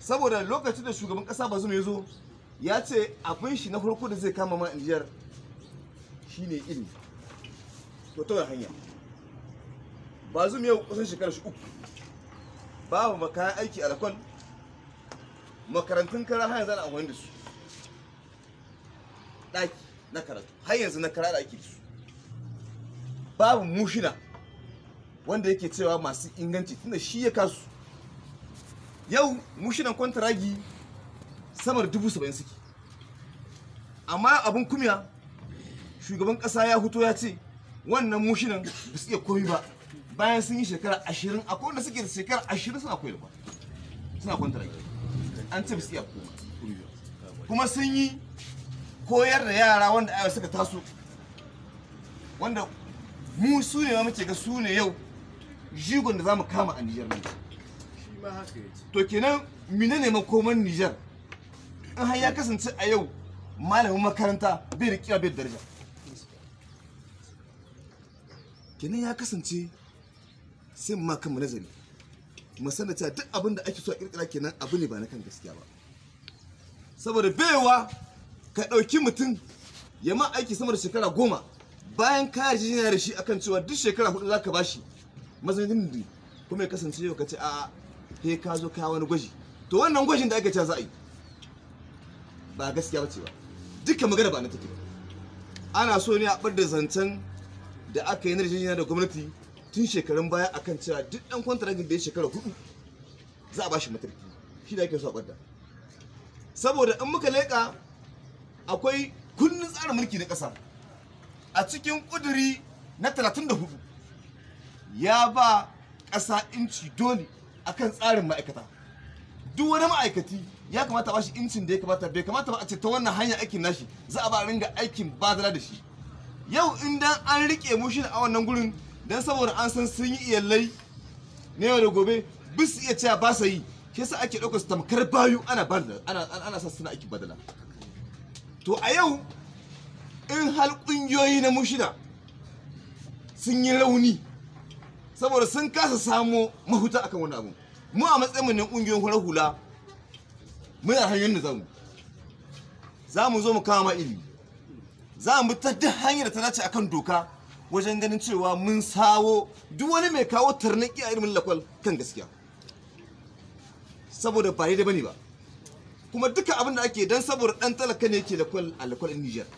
saboda lokacin da shugaban kasa bazum ya zo ya ce abin shi na farko da zai kama ma Nijar shine ilimi to ta hanya bazum yau kusan shekarar shi uku babu makayan aiki alkon makarantun kara hanyar zana ana amfani da su ɗaki na karatu har yanzu na kara da ake da su babu mushina wanda yake cewa masu inganci tunda shi ya kasu yau mu kwantaragi samar dubu saba'in suke amma abin kumiya shugaban kasa ya huto ya ce wannan mushinan ba su iya komi ba bayan sun yi shekara ashirin a wanda suke da shekara ashirin suna koyarwa suna kwantaragi an ce ba su iya komi kuma sun yi koyar da yara wanda ayar suka taso wanda mu su ne ma ga su ne yau jigon da za mu kama a Nijar nan to kenan menene makoman Nijar in har ya kasance a yau malamin makaranta bai riƙiya bai daraja kenan ya kasance sai mu ma kan nazari mu sanar duk abin da ake so a kirkira kenan abu ne ba na kan gaskiya ba saboda baiwa ka ɗauki mutum ya ma aiki sama da shekara goma bayan ka yana da shi akan cewa duk shekara hudu za ka bashi mazaunin kuma ya kasance yau ka ce a'a sai ka zo ka wani gwaji to wannan gwajin da aka ce za a yi ba gaskiya bace ba dukkan magana ba na take ba ana so ne a bar da zancen da aka yi na rijiyar da gwamnati tun shekarun baya akan cewa duk dan kwantaragin da ya shekara hudu za a ba shi matarki shi da ake so a bar da saboda in muka leƙa akwai kundin tsarin mulki na ƙasa a cikin ƙuduri na 34 ya ba ƙasa inci dole akan tsarin ma'aikata duk wani ma'aikaci ya kamata ba shi incin da ya kamata bai kamata ba a ce ta wannan hanya aikin nashi za a ba ringa aikin bazara da shi yau idan an rike mushin a wannan gurin dan saboda an san sun yi iyalai ne yau da gobe bis iya cewa ba sa yi shi yasa ake ɗaukar su tamkar bayu ana ana ana sa suna aikin badala to a yau in har ƙungiyoyi na mushina sun yi rauni saboda sun kasa samo mahuta akan wani abu mu a mu ne ƙungiyoyin hula hula muna hanyar da zamu za mu zo mu kama ilimi za mu ta duk hanyar da ta dace akan doka wajen ganin cewa mun sawo duk wani mai kawo tarnaki a ilimin lakwal kan gaskiya saboda ba da bane ba kuma duka abin da ake dan saboda dan talaka ne yake lakwal a lakwal Niger